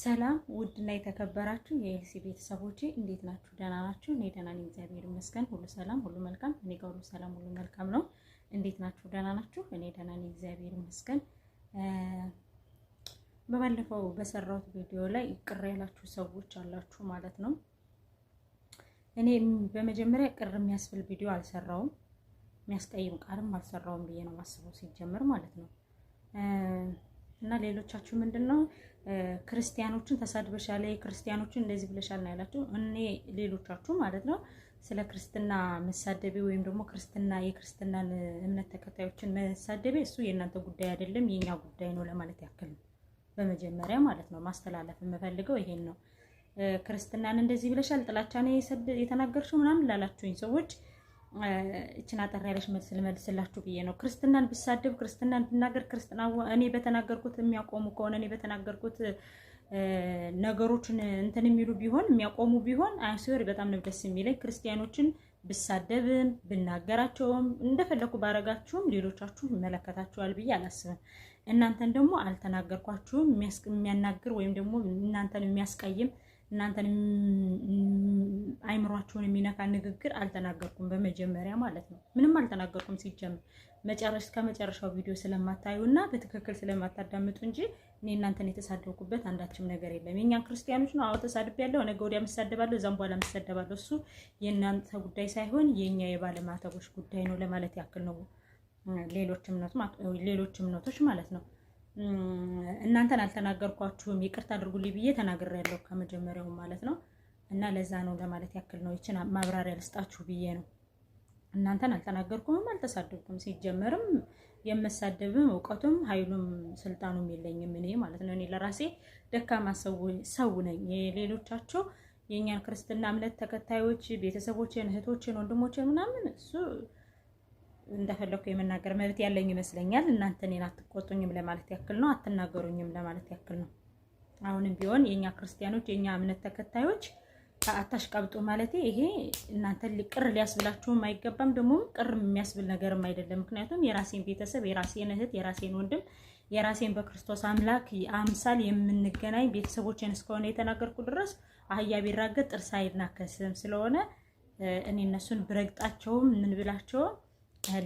ሰላም ውድና የተከበራችሁ የኤልሲ ቤተሰቦቼ እንዴት ናችሁ? ደህና ናችሁ? እኔ ደህና ነኝ፣ እግዚአብሔር ይመስገን። ሁሉ ሰላም፣ ሁሉ መልካም። እኔ ጋር ሁሉ ሰላም፣ ሁሉ መልካም ነው። እንዴት ናችሁ? ደህና ናችሁ? እኔ ደህና ነኝ፣ እግዚአብሔር ይመስገን። በባለፈው በሰራሁት ቪዲዮ ላይ ቅር ያላችሁ ሰዎች አላችሁ ማለት ነው። እኔ በመጀመሪያ ቅር የሚያስብል ቪዲዮ አልሰራውም፣ የሚያስቀይም ቃልም አልሰራውም ብዬ ነው ማስበው ሲጀምር ማለት ነው እና ሌሎቻችሁ ምንድን ነው ክርስቲያኖችን ተሳድበሻለ፣ ክርስቲያኖችን እንደዚህ ብለሻል ነው ያላቸው። እኔ ሌሎቻችሁ ማለት ነው ስለ ክርስትና መሳደቤ ወይም ደግሞ ክርስትና የክርስትናን እምነት ተከታዮችን መሳደቤ እሱ የእናንተ ጉዳይ አይደለም፣ የኛ ጉዳይ ነው ለማለት ያክል ነው። በመጀመሪያ ማለት ነው ማስተላለፍ የምፈልገው ይሄን ነው። ክርስትናን እንደዚህ ብለሻል፣ ጥላቻ ነው የተናገርሽው ምናምን ላላችሁኝ ሰዎች እችን አጠር ያለች መልስ ልመልስላችሁ ብዬ ነው። ክርስትናን ብሳደብ፣ ክርስትናን ብናገር፣ ክርስትና እኔ በተናገርኩት የሚያቆሙ ከሆነ እኔ በተናገርኩት ነገሮችን እንትን የሚሉ ቢሆን የሚያቆሙ ቢሆን አይስር በጣም ነው ደስ የሚለኝ። ክርስቲያኖችን ብሳደብም ብናገራቸውም እንደፈለኩ ባረጋችሁም ሌሎቻችሁ ይመለከታችኋል ብዬ አላስብም። እናንተን ደግሞ አልተናገርኳችሁም የሚያናግር ወይም ደግሞ እናንተን የሚያስቀይም እናንተን አይምሯችሁን የሚነካ ንግግር አልተናገርኩም። በመጀመሪያ ማለት ነው ምንም አልተናገርኩም ሲጀምር መጨረሻ ከመጨረሻው ቪዲዮ ስለማታዩ እና በትክክል ስለማታዳምጡ እንጂ እኔ እናንተን የተሳደብኩበት አንዳችም ነገር የለም። የእኛን ክርስቲያኖች ነው ተሳድብ ተሳድቤያለሁ፣ ነገ ወዲያ መሳደባለሁ፣ እዛም በኋላ መሳደባለሁ። እሱ የእናንተ ጉዳይ ሳይሆን የእኛ የባለማተቦች ጉዳይ ነው ለማለት ያክል ነው። ሌሎች እምነቶች ማለት ነው እናንተን አልተናገርኳችሁም ይቅርታ አድርጉልኝ ብዬ ተናግሬያለሁ ከመጀመሪያው ማለት ነው። እና ለዛ ነው ለማለት ያክል ነው ይችን ማብራሪያ ልስጣችሁ ብዬ ነው። እናንተን አልተናገርኩም፣ አልተሳደብኩም። ሲጀመርም የመሳደብም እውቀቱም ኃይሉም ስልጣኑም የለኝም እኔ ማለት ነው። እኔ ለራሴ ደካማ ሰው ነኝ። የሌሎቻቸው የእኛን ክርስትና እምነት ተከታዮች ቤተሰቦችን፣ እህቶችን፣ ወንድሞችን ምናምን እሱ እንደፈለኩ የመናገር መብት ያለኝ ይመስለኛል። እናንተ እኔን አትቆጡኝም ለማለት ያክል ነው፣ አትናገሩኝም ለማለት ያክል ነው። አሁንም ቢሆን የኛ ክርስቲያኖች፣ የኛ እምነት ተከታዮች ቀብጡ ማለቴ ይሄ እናንተ ቅር ሊያስብላችሁም አይገባም፣ ደግሞ ቅር የሚያስብል ነገርም አይደለም። ምክንያቱም የራሴን ቤተሰብ፣ የራሴን እህት፣ የራሴን ወንድም፣ የራሴን በክርስቶስ አምላክ አምሳል የምንገናኝ ቤተሰቦችን እስከሆነ የተናገርኩ ድረስ አህያ ቢራገጥ ጥርስ አይናከስም ስለሆነ እኔ እነሱን ብረግጣቸውም ምን ብላቸውም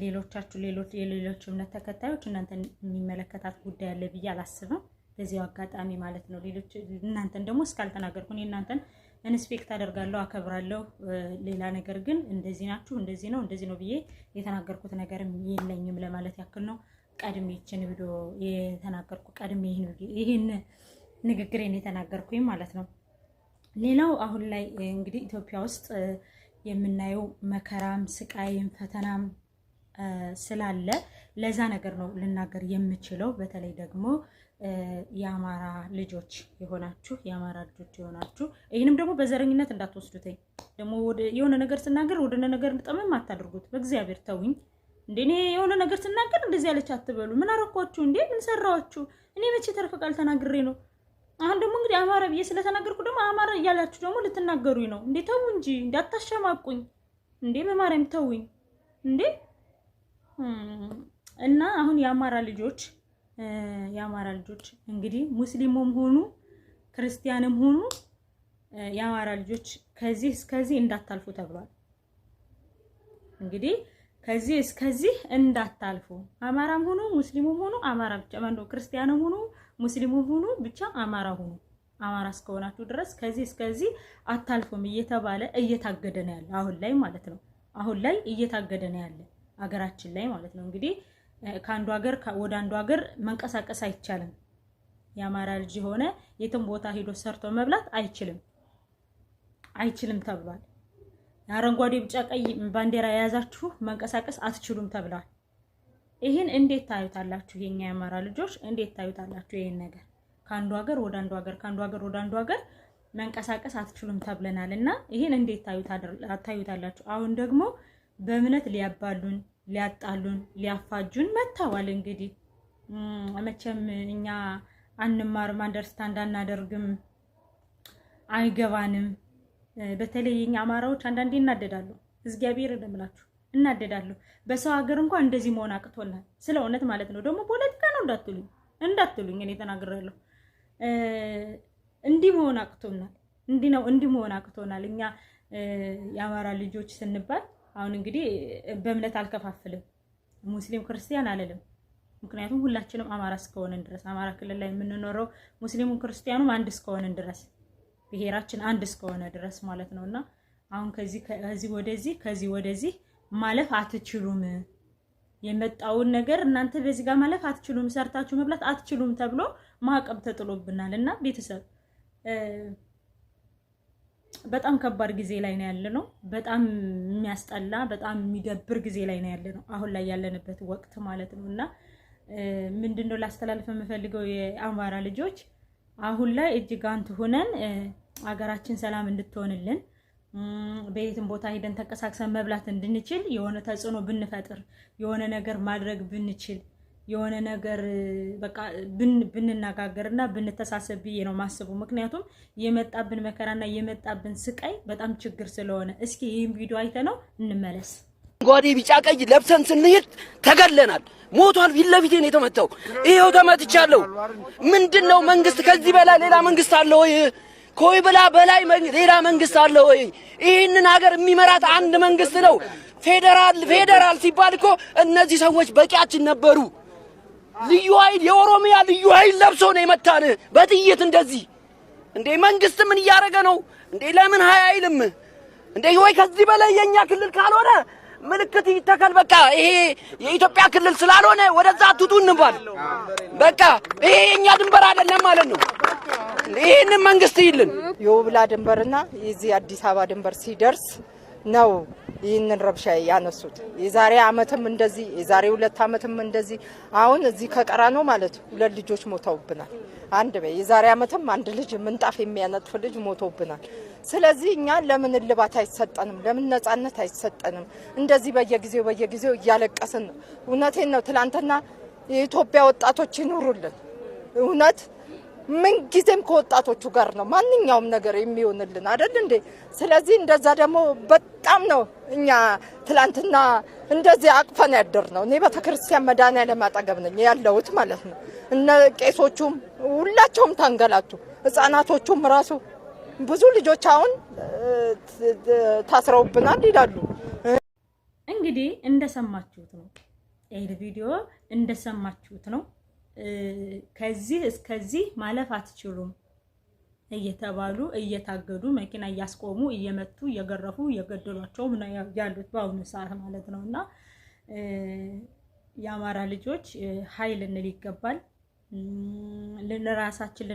ሌሎቻችሁ ሌሎች የሌሎች እምነት ተከታዮች እናንተን የሚመለከታት ጉዳይ አለ ብዬ አላስብም። በዚያው አጋጣሚ ማለት ነው። ሌሎች እናንተን ደግሞ እስካልተናገርኩ እኔ እናንተን እንስፔክት አደርጋለሁ፣ አከብራለሁ። ሌላ ነገር ግን እንደዚህ ናችሁ፣ እንደዚህ ነው፣ እንደዚህ ነው ብዬ የተናገርኩት ነገርም የለኝም ለማለት ያክል ነው። ቀድሜ ይችን ቪዲዮ የተናገርኩ ቀድሜ ይህን ንግግሬን የተናገርኩኝ ማለት ነው። ሌላው አሁን ላይ እንግዲህ ኢትዮጵያ ውስጥ የምናየው መከራም ስቃይም ፈተናም ስላለ ለዛ ነገር ነው ልናገር የምችለው። በተለይ ደግሞ የአማራ ልጆች የሆናችሁ የአማራ ልጆች የሆናችሁ ይህንም ደግሞ በዘረኝነት እንዳትወስዱትኝ። ደግሞ የሆነ ነገር ስናገር ወደነ ነገር ጠመም አታድርጉት። በእግዚአብሔር ተውኝ። እንዴ እኔ የሆነ ነገር ስናገር እንደዚህ ያለች አትበሉ። ምን አረኳችሁ እንዴ? ምን ሰራኋችሁ? እኔ መቼ ተርፈ ቃል ተናግሬ ነው? አሁን ደግሞ እንግዲህ አማራ ብዬ ስለተናገርኩ ደግሞ አማራ እያላችሁ ደግሞ ልትናገሩኝ ነው እንዴ? ተው እንጂ አታሸማቁኝ እንዴ! በማርያም ተውኝ እንዴ! እና አሁን የአማራ ልጆች የአማራ ልጆች እንግዲህ ሙስሊሙም ሆኑ ክርስቲያንም ሆኑ የአማራ ልጆች ከዚህ እስከዚህ እንዳታልፉ ተብሏል። እንግዲህ ከዚህ እስከዚህ እንዳታልፉ አማራም ሆኑ ሙስሊሙም ሆኑ አማራ ብቻ ማነው ክርስቲያንም ሆኑ ሙስሊሙም ሆኑ ብቻ አማራ ሆኑ አማራ እስከሆናችሁ ድረስ ከዚህ እስከዚህ አታልፉም እየተባለ እየታገደ ነው ያለ አሁን ላይ ማለት ነው። አሁን ላይ እየታገደ ነው ያለ አገራችን ላይ ማለት ነው። እንግዲህ ከአንዱ ሀገር ወደ አንዱ ሀገር መንቀሳቀስ አይቻልም። የአማራ ልጅ የሆነ የትም ቦታ ሄዶ ሰርቶ መብላት አይችልም አይችልም ተብሏል። አረንጓዴ፣ ቢጫ፣ ቀይ ባንዲራ የያዛችሁ መንቀሳቀስ አትችሉም ተብሏል። ይህን እንዴት ታዩታላችሁ? የኛ የአማራ ልጆች እንዴት ታዩታላችሁ? ይህን ነገር ከአንዱ ሀገር ወደ አንዱ ሀገር ከአንዱ ሀገር ወደ አንዱ ሀገር መንቀሳቀስ አትችሉም ተብለናል እና ይህን እንዴት ታዩታላችሁ? አሁን ደግሞ በእምነት ሊያባሉን፣ ሊያጣሉን፣ ሊያፋጁን መታዋል። እንግዲህ መቼም እኛ አንማርም፣ አንደርስታንድ አናደርግም፣ አይገባንም። በተለይ የኛ አማራዎች አንዳንዴ እናደዳሉ። እግዚአብሔር እንደምላችሁ እናደዳለሁ። በሰው ሀገር እንኳን እንደዚህ መሆን አቅቶልናል። ስለ እውነት ማለት ነው። ደግሞ ፖለቲካ ነው እንዳትሉኝ እንዳትሉኝ እኔ ተናግሬያለሁ። እንዲህ መሆን አቅቶናል። እንዲህ ነው እንዲህ መሆን አቅቶናል። እኛ የአማራ ልጆች ስንባል አሁን እንግዲህ በእምነት አልከፋፍልም፣ ሙስሊም ክርስቲያን አልልም። ምክንያቱም ሁላችንም አማራ እስከሆነን ድረስ አማራ ክልል ላይ የምንኖረው ሙስሊሙም ክርስቲያኑም አንድ እስከሆነን ድረስ ብሔራችን አንድ እስከሆነ ድረስ ማለት ነው እና አሁን ከዚህ ከዚህ ወደዚህ ከዚህ ወደዚህ ማለፍ አትችሉም፣ የመጣውን ነገር እናንተ በዚህ ጋር ማለፍ አትችሉም፣ ሰርታችሁ መብላት አትችሉም ተብሎ ማዕቀብ ተጥሎብናል እና ቤተሰብ በጣም ከባድ ጊዜ ላይ ነው ያለ ነው። በጣም የሚያስጠላ በጣም የሚደብር ጊዜ ላይ ነው ያለ ነው፣ አሁን ላይ ያለንበት ወቅት ማለት ነው። እና ምንድን ነው ላስተላልፍ የምፈልገው የአማራ ልጆች አሁን ላይ እጅግ አንት ሆነን አገራችን ሰላም እንድትሆንልን በየትም ቦታ ሄደን ተንቀሳቅሰን መብላት እንድንችል የሆነ ተጽዕኖ ብንፈጥር የሆነ ነገር ማድረግ ብንችል የሆነ ነገር በቃ ብንነጋገርና ብንተሳሰብ ብዬ ነው ማስቡ። ምክንያቱም የመጣብን መከራና የመጣብን ስቃይ በጣም ችግር ስለሆነ፣ እስኪ ይህም ቪዲዮ አይተ ነው እንመለስ። አረንጓዴ ቢጫ ቀይ ለብሰን ስንሄድ ተገለናል። ሞቷል። ፊት ለፊቴ ነው የተመታው። ይሄው ተመትቻለሁ። ምንድን ነው መንግስት? ከዚህ በላይ ሌላ መንግስት አለ ወይ? ኮይ ብላ በላይ ሌላ መንግስት አለ ወይ? ይህንን ሀገር የሚመራት አንድ መንግስት ነው። ፌዴራል ፌዴራል ሲባል እኮ እነዚህ ሰዎች በቂያችን ነበሩ። ልዩ ኃይል የኦሮሚያ ልዩ ኃይል ለብሶ ነው የመታን በጥይት እንደዚህ። እንዴ መንግስት ምን እያደረገ ነው እንዴ? ለምን ሀይ አይልም እንዴ? ወይ ከዚህ በላይ የኛ ክልል ካልሆነ ምልክት ይተከል። በቃ ይሄ የኢትዮጵያ ክልል ስላልሆነ ወደዛ አትጡ እንባል። በቃ ይሄ የኛ ድንበር አይደለም ማለት ነው። ይህንን መንግስት ይልን የውብላ ድንበርና የዚህ አዲስ አበባ ድንበር ሲደርስ ነው ይህንን ረብሻ ያነሱት። የዛሬ አመትም እንደዚህ የዛሬ ሁለት አመትም እንደዚህ አሁን እዚህ ከቀራ ነው ማለት ሁለት ልጆች ሞተውብናል። አንድ በይ የዛሬ አመትም አንድ ልጅ ምንጣፍ የሚያነጥፍ ልጅ ሞቶብናል። ስለዚህ እኛ ለምን እልባት አይሰጠንም? ለምን ነጻነት አይሰጠንም? እንደዚህ በየጊዜው በየጊዜው እያለቀስን ነው። እውነቴን ነው። ትላንትና የኢትዮጵያ ወጣቶች ይኑሩልን እውነት ምን ጊዜም ከወጣቶቹ ጋር ነው ማንኛውም ነገር የሚሆንልን አይደል እንዴ? ስለዚህ እንደዛ ደግሞ በጣም ነው እኛ ትላንትና እንደዚህ አቅፈን ያደር ነው። እኔ ቤተክርስቲያን መድኃኔዓለም አጠገብ ነኝ ያለሁት ማለት ነው። እነ ቄሶቹም ሁላቸውም ታንገላቱ፣ ህጻናቶቹም ራሱ ብዙ ልጆች አሁን ታስረውብናል ይላሉ። እንግዲህ እንደሰማችሁት ነው ይህ ቪዲዮ እንደሰማችሁት ነው። ከዚህ እስከዚህ ማለፍ አትችሉም እየተባሉ እየታገዱ መኪና እያስቆሙ እየመቱ እየገረፉ እየገደሏቸው ያሉት በአሁኑ ሰዓት ማለት ነው። እና የአማራ ልጆች ሀይ ልንል ይገባል። ለራሳችን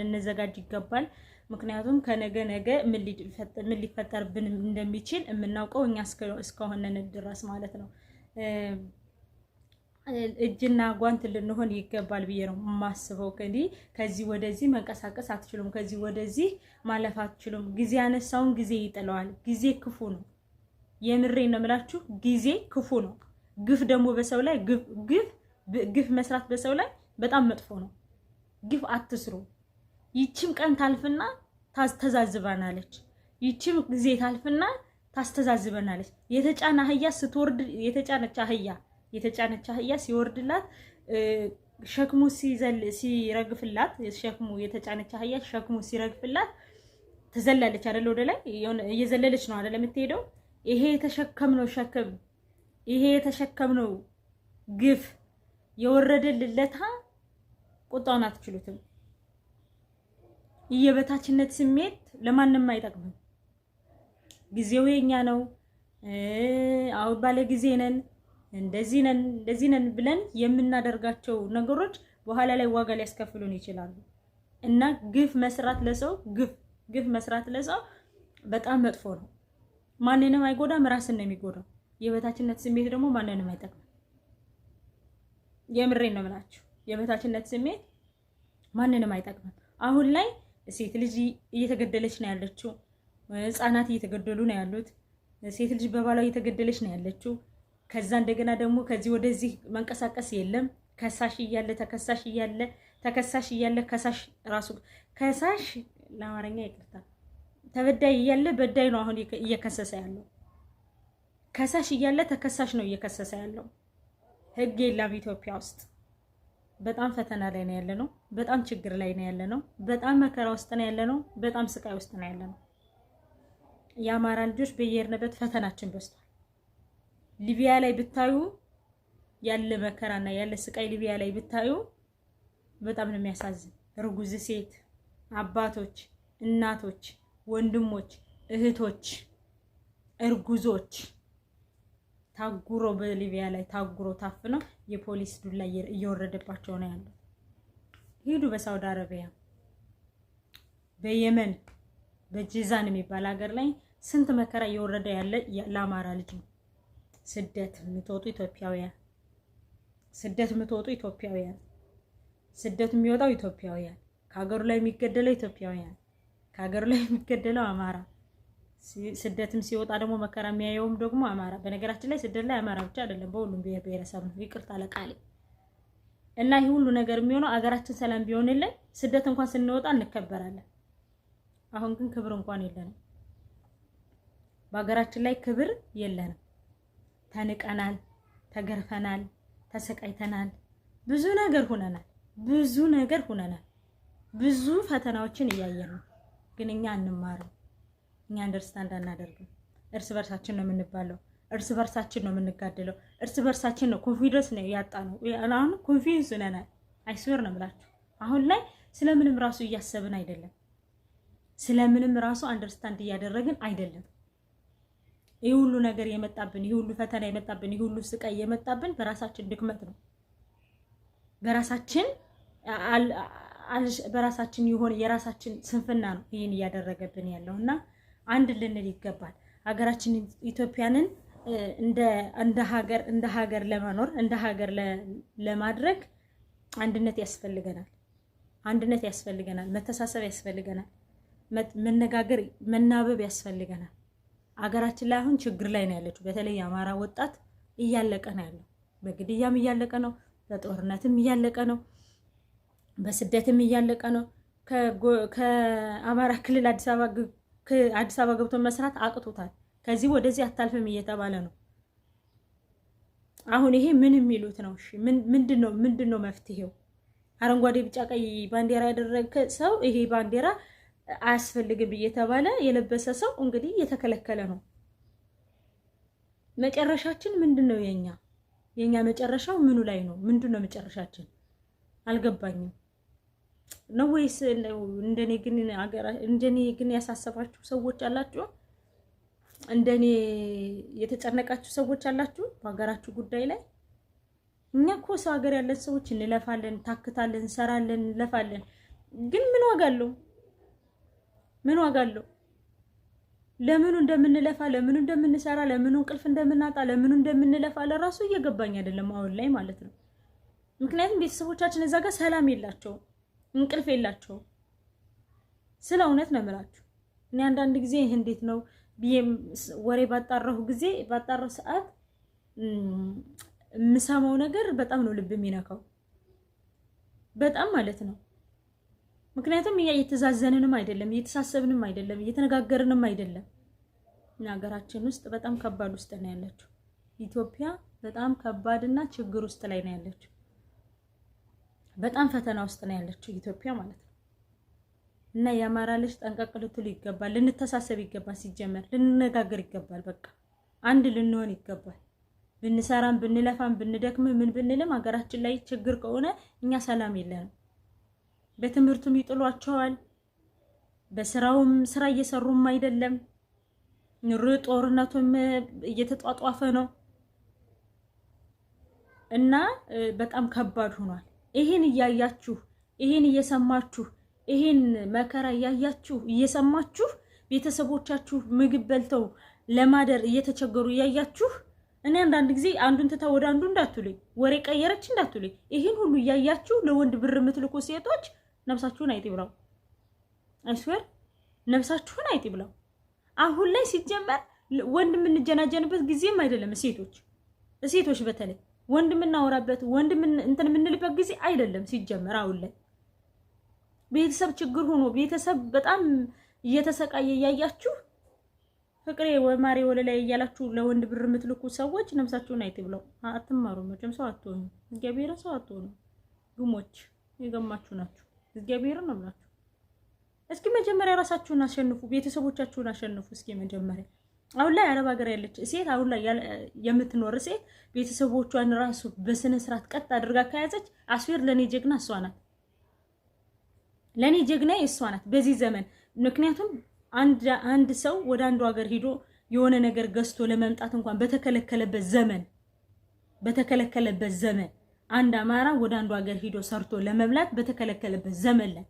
ልንዘጋጅ ይገባል። ምክንያቱም ከነገ ነገ ምን ሊፈጠርብን እንደሚችል የምናውቀው እኛ እስከሆነን ድረስ ማለት ነው። እጅና ጓንት ልንሆን ይገባል ብዬ ነው የማስበው። እንግዲህ ከዚህ ወደዚህ መንቀሳቀስ አትችሉም፣ ከዚህ ወደዚህ ማለፍ አትችሉም። ጊዜ ያነሳውን ጊዜ ይጥለዋል። ጊዜ ክፉ ነው። የምሬ ነው የምላችሁ፣ ጊዜ ክፉ ነው። ግፍ ደግሞ በሰው ላይ ግፍ ግፍ መስራት በሰው ላይ በጣም መጥፎ ነው። ግፍ አትስሩ። ይችም ቀን ታልፍና ታስተዛዝበናለች፣ ይችም ጊዜ ታልፍና ታስተዛዝበናለች። የተጫነ አህያ ስትወርድ የተጫነች አህያ የተጫነች አህያ ሲወርድላት ሸክሙ ሲዘል ሲረግፍላት ሸክሙ የተጫነች አህያ ሸክሙ ሲረግፍላት ትዘላለች አይደለ? ወደ ላይ እየዘለለች ነው አይደለ የምትሄደው። ይሄ የተሸከምነው ሸክም ይሄ የተሸከምነው ግፍ የወረደልለታ ለታ ቁጣውን አትችሉትም። የበታችነት ስሜት ለማንም አይጠቅምም። ጊዜው የኛ ነው። አሁን ባለ ጊዜ ነን። እንደዚህ ነን እንደዚህ ነን ብለን የምናደርጋቸው ነገሮች በኋላ ላይ ዋጋ ሊያስከፍሉን ይችላሉ እና ግፍ መስራት ለሰው ግፍ ግፍ መስራት ለሰው በጣም መጥፎ ነው። ማንንም አይጎዳም፣ ራስን ነው የሚጎዳው። የበታችነት ስሜት ደግሞ ማንንም አይጠቅምም። የምሬን ነው የምላችሁ። የበታችነት ስሜት ማንንም አይጠቅምም። አሁን ላይ ሴት ልጅ እየተገደለች ነው ያለችው። ህፃናት እየተገደሉ ነው ያሉት። ሴት ልጅ በባሏ እየተገደለች ነው ያለችው። ከዛ እንደገና ደግሞ ከዚህ ወደዚህ መንቀሳቀስ የለም። ከሳሽ እያለ ተከሳሽ እያለ ተከሳሽ እያለ ከሳሽ ራሱ ከሳሽ ለአማርኛ ይቅርታ፣ ተበዳይ እያለ በዳይ ነው አሁን እየከሰሰ ያለው። ከሳሽ እያለ ተከሳሽ ነው እየከሰሰ ያለው። ህግ የለም ኢትዮጵያ ውስጥ። በጣም ፈተና ላይ ነው ያለ ነው። በጣም ችግር ላይ ነው ያለ ነው። በጣም መከራ ውስጥ ነው ያለ ነው። በጣም ስቃይ ውስጥ ነው ያለ ነው። የአማራ ልጆች በየሄድንበት ፈተናችን በዝቷል። ሊቢያ ላይ ብታዩ ያለ መከራና ያለ ስቃይ ሊቢያ ላይ ብታዩ በጣም ነው የሚያሳዝን። ርጉዝ ሴት፣ አባቶች፣ እናቶች፣ ወንድሞች፣ እህቶች፣ እርጉዞች ታጉሮ በሊቢያ ላይ ታጉሮ ታፍነው የፖሊስ ዱላ እየወረደባቸው ነው ያለው። ሂዱ በሳውዲ አረቢያ፣ በየመን፣ በጄዛን የሚባል ሀገር ላይ ስንት መከራ እየወረደ ያለ ለአማራ ልጅ ነው። ስደት የምትወጡ ኢትዮጵያውያን ስደት የምትወጡ ኢትዮጵያውያን ስደት የሚወጣው ኢትዮጵያውያን ከሀገሩ ላይ የሚገደለው ኢትዮጵያውያን ከሀገሩ ላይ የሚገደለው አማራ ስደትም ሲወጣ ደግሞ መከራ የሚያየውም ደግሞ አማራ። በነገራችን ላይ ስደት ላይ አማራ ብቻ አይደለም፣ በሁሉም ብሔር ብሔረሰብ ነው። ይቅርታ ለቃሌ እና ይህ ሁሉ ነገር የሚሆነው አገራችን ሰላም ቢሆንልን ስደት እንኳን ስንወጣ እንከበራለን። አሁን ግን ክብር እንኳን የለንም። በሀገራችን ላይ ክብር የለንም። ተንቀናል፣ ተገርፈናል፣ ተሰቃይተናል፣ ብዙ ነገር ሁነናል፣ ብዙ ነገር ሁነናል። ብዙ ፈተናዎችን እያየን ነው። ግን እኛ አንማርም፣ እኛ አንደርስታንድ አናደርግም። እርስ በርሳችን ነው የምንባለው፣ እርስ በርሳችን ነው የምንጋደለው፣ እርስ በርሳችን ነው ኮንፊደንስ ነው ያጣ ነው። አሁን ኮንፊደንስ ሁነናል። አይስወር ነው ብላችሁ አሁን ላይ ስለምንም ራሱ እያሰብን አይደለም፣ ስለምንም ራሱ አንደርስታንድ እያደረግን አይደለም። ይህ ሁሉ ነገር የመጣብን ይህ ሁሉ ፈተና የመጣብን ይህ ሁሉ ስቃይ የመጣብን በራሳችን ድክመት ነው። በራሳችን በራሳችን የሆነ የራሳችን ስንፍና ነው ይህን እያደረገብን ያለው እና አንድ ልንል ይገባል። ሀገራችን ኢትዮጵያንን እንደ ሀገር እንደ ሀገር ለመኖር እንደ ሀገር ለማድረግ አንድነት ያስፈልገናል። አንድነት ያስፈልገናል። መተሳሰብ ያስፈልገናል። መነጋገር መናበብ ያስፈልገናል። አገራችን ላይ አሁን ችግር ላይ ነው ያለችው። በተለይ የአማራ ወጣት እያለቀ ነው ያለው። በግድያም እያለቀ ነው፣ በጦርነትም እያለቀ ነው፣ በስደትም እያለቀ ነው። ከአማራ ክልል አዲስ አበባ ገብቶ መስራት አቅቶታል። ከዚህ ወደዚህ አታልፍም እየተባለ ነው። አሁን ይሄ ምን የሚሉት ነው? ምንድን ነው መፍትሄው? አረንጓዴ ቢጫ ቀይ ባንዲራ ያደረገ ሰው ይሄ ባንዲራ አያስፈልግም እየተባለ የለበሰ ሰው እንግዲህ እየተከለከለ ነው። መጨረሻችን ምንድን ነው? የኛ የኛ መጨረሻው ምኑ ላይ ነው? ምንድን ነው መጨረሻችን? አልገባኝም ነው ወይስ እንደኔ ግን እንደኔ ግን ያሳሰባችሁ ሰዎች አላችሁ? እንደኔ የተጨነቃችሁ ሰዎች አላችሁ በሀገራችሁ ጉዳይ ላይ? እኛ እኮ ሰው ሀገር ያለን ሰዎች እንለፋለን፣ ታክታለን፣ እንሰራለን፣ እንለፋለን። ግን ምን ዋጋ አለው? ምን ዋጋ አለው? ለምኑ እንደምንለፋ ለምኑ እንደምንሰራ ለምኑ እንቅልፍ እንደምናጣ ለምኑ እንደምንለፋ ለራሱ እየገባኝ አይደለም አሁን ላይ ማለት ነው። ምክንያቱም ቤተሰቦቻችን እዛ ጋር ሰላም የላቸውም፣ እንቅልፍ የላቸውም። ስለ እውነት ነው የምላችሁ። እኔ አንዳንድ ጊዜ ይህ እንዴት ነው ብዬም ወሬ ባጣራሁ ጊዜ ባጣራሁ ሰዓት የምሰማው ነገር በጣም ነው ልብ የሚነካው፣ በጣም ማለት ነው። ምክንያቱም እየተዛዘንንም አይደለም እየተሳሰብንም አይደለም እየተነጋገርንም አይደለም። እና ሀገራችን ውስጥ በጣም ከባድ ውስጥ ነው ያለችው ኢትዮጵያ በጣም ከባድና ችግር ውስጥ ላይ ነው ያለችው። በጣም ፈተና ውስጥ ነው ያለችው ኢትዮጵያ ማለት ነው። እና የአማራ ልጅ ጠንቀቅ ልትሉ ይገባል። ልንተሳሰብ ይገባል። ሲጀመር ልንነጋገር ይገባል። በቃ አንድ ልንሆን ይገባል። ብንሰራም ብንለፋም ብንደክም ምን ብንልም ሀገራችን ላይ ችግር ከሆነ እኛ ሰላም የለንም። በትምህርቱም ይጥሏቸዋል። በስራውም ስራ እየሰሩም አይደለም። ኑሮ ጦርነቱም እየተጧጧፈ ነው እና በጣም ከባድ ሆኗል። ይሄን እያያችሁ ይሄን እየሰማችሁ ይሄን መከራ እያያችሁ እየሰማችሁ ቤተሰቦቻችሁ ምግብ በልተው ለማደር እየተቸገሩ እያያችሁ እኔ አንዳንድ ጊዜ አንዱን ትታ ወደ አንዱ እንዳትሉኝ፣ ወሬ ቀየረች እንዳትሉኝ፣ ይህን ሁሉ እያያችሁ ለወንድ ብር የምትልኩ ሴቶች ነፍሳችሁን አይጥ ብላው አይስዌር ነብሳችሁን አይጥ ብላው። አሁን ላይ ሲጀመር ወንድ የምንጀናጀንበት ጊዜም አይደለም። ሴቶች ሴቶች በተለይ ወንድ የምናወራበት ወንድ እንትን የምንልበት ጊዜ አይደለም ሲጀመር። አሁን ላይ ቤተሰብ ችግር ሆኖ ቤተሰብ በጣም እየተሰቃየ እያያችሁ ፍቅሬ ወማሬ ወለ ላይ እያላችሁ ለወንድ ብር የምትልኩ ሰዎች ነፍሳችሁን አይጥ ብለው አትማሩ። መቼም ሰው አትሆኑ፣ እግዚአብሔር ሰው አትሆኑ። ግሞች የገማችሁ ናችሁ። እግዚአብሔርን ነው ብላችሁ እስኪ መጀመሪያ ራሳችሁን አሸንፉ፣ ቤተሰቦቻችሁን አሸንፉ። እስኪ መጀመሪያ አሁን ላይ አረብ ሀገር ያለች ሴት አሁን ላይ የምትኖር ሴት ቤተሰቦቿን ራሱ በስነ ስርዓት ቀጥ አድርጋ ከያዘች አስፌር ለእኔ ጀግና እሷ ናት። ለእኔ ጀግና እሷ ናት በዚህ ዘመን። ምክንያቱም አንድ ሰው ወደ አንዱ ሀገር ሂዶ የሆነ ነገር ገዝቶ ለመምጣት እንኳን በተከለከለበት ዘመን በተከለከለበት ዘመን አንድ አማራ ወደ አንዱ ሀገር ሂዶ ሰርቶ ለመብላት በተከለከለበት ዘመን ላይ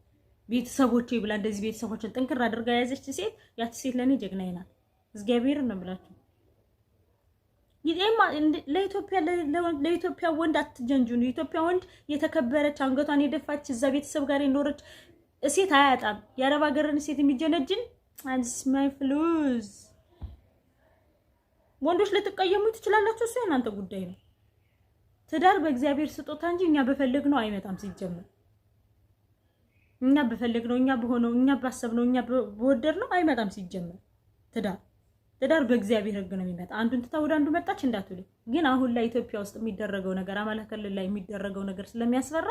ቤተሰቦቼ ብላ እንደዚህ ቤተሰቦችን ጥንክር አድርጋ የያዘች ሴት ያቺ ሴት ለእኔ ጀግናዬ ናት። እግዚአብሔር ነው ብላችሁ ለኢትዮጵያ ወንድ አትጀንጁ። የኢትዮጵያ ወንድ የተከበረች አንገቷን የደፋች እዛ ቤተሰብ ጋር የኖረች ሴት አያጣም። የአረብ ሀገርን ሴት የሚጀነጅን ማይ ፍሉዝ ወንዶች ልትቀየሙ ትችላላችሁ። እሱ የእናንተ ጉዳይ ነው። ትዳር በእግዚአብሔር ስጦታ እንጂ እኛ በፈለግነው አይመጣም። ሲጀመር እኛ በፈለግነው እኛ በሆነው እኛ ባሰብነው እኛ በወደድነው አይመጣም። ሲጀመር ትዳር ትዳር በእግዚአብሔር ሕግ ነው የሚመጣ። አንዱን ትታ ወደ አንዱ መጣች እንዳትሉ። ግን አሁን ላይ ኢትዮጵያ ውስጥ የሚደረገው ነገር አማራ ክልል ላይ የሚደረገው ነገር ስለሚያስፈራ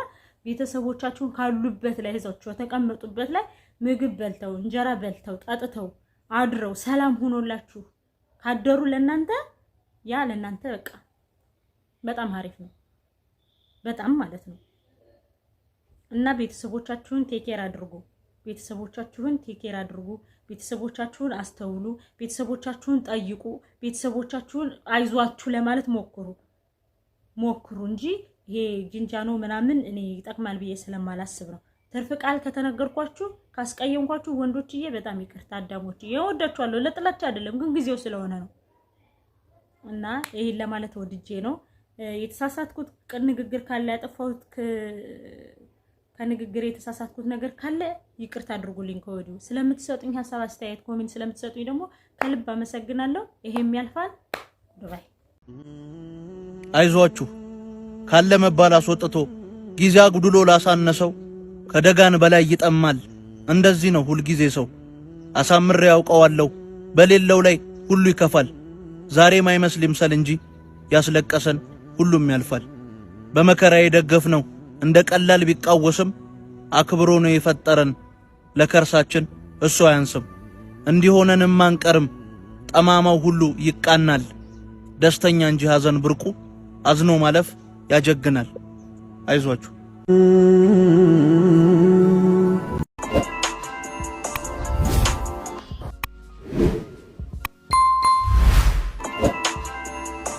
ቤተሰቦቻችሁን ካሉበት ላይ ህዛችሁ ተቀመጡበት ላይ ምግብ በልተው እንጀራ በልተው ጠጥተው አድረው ሰላም ሆኖላችሁ ካደሩ ለእናንተ ያ ለእናንተ በቃ በጣም አሪፍ ነው። በጣም ማለት ነው። እና ቤተሰቦቻችሁን ቴኬር አድርጉ። ቤተሰቦቻችሁን ቴኬር አድርጉ። ቤተሰቦቻችሁን አስተውሉ። ቤተሰቦቻችሁን ጠይቁ። ቤተሰቦቻችሁን አይዟችሁ ለማለት ሞክሩ ሞክሩ እንጂ ይሄ ነው ምናምን እኔ ይጠቅማል ብዬ ስለማላስብ ነው። ትርፍ ቃል ከተነገርኳችሁ ካስቀየምኳችሁ፣ ወንዶችዬ በጣም ይቅርታ። አዳሞች የወዳችኋለሁ፣ ለጥላቻ አይደለም፣ ግን ጊዜው ስለሆነ ነው እና ይህን ለማለት ወድጄ ነው። የተሳሳትኩት ንግግር ካለ ያጠፋሁት ከንግግር የተሳሳትኩት ነገር ካለ ይቅርታ አድርጉልኝ ከወዲሁ። ስለምትሰጡኝ ሀሳብ፣ አስተያየት፣ ኮሜንት ስለምትሰጡኝ ደግሞ ከልብ አመሰግናለሁ። ይሄም ያልፋል። ዱባይ አይዟችሁ ካለ መባል አስወጥቶ ጊዜ አጉድሎ ላሳነሰው ከደጋን በላይ ይጠማል። እንደዚህ ነው ሁልጊዜ ሰው አሳምሬ ያውቀዋለሁ። በሌለው ላይ ሁሉ ይከፋል። ዛሬም ማይመስል ይምሰል እንጂ ያስለቀሰን ሁሉም ያልፋል። በመከራ የደገፍ ነው እንደ ቀላል ቢቃወስም አክብሮ ነው የፈጠረን ለከርሳችን እሱ አያንስም። እንዲሆነንም አንቀርም ጠማማው ሁሉ ይቃናል። ደስተኛ እንጂ ሐዘን ብርቁ አዝኖ ማለፍ ያጀግናል። አይዟችሁ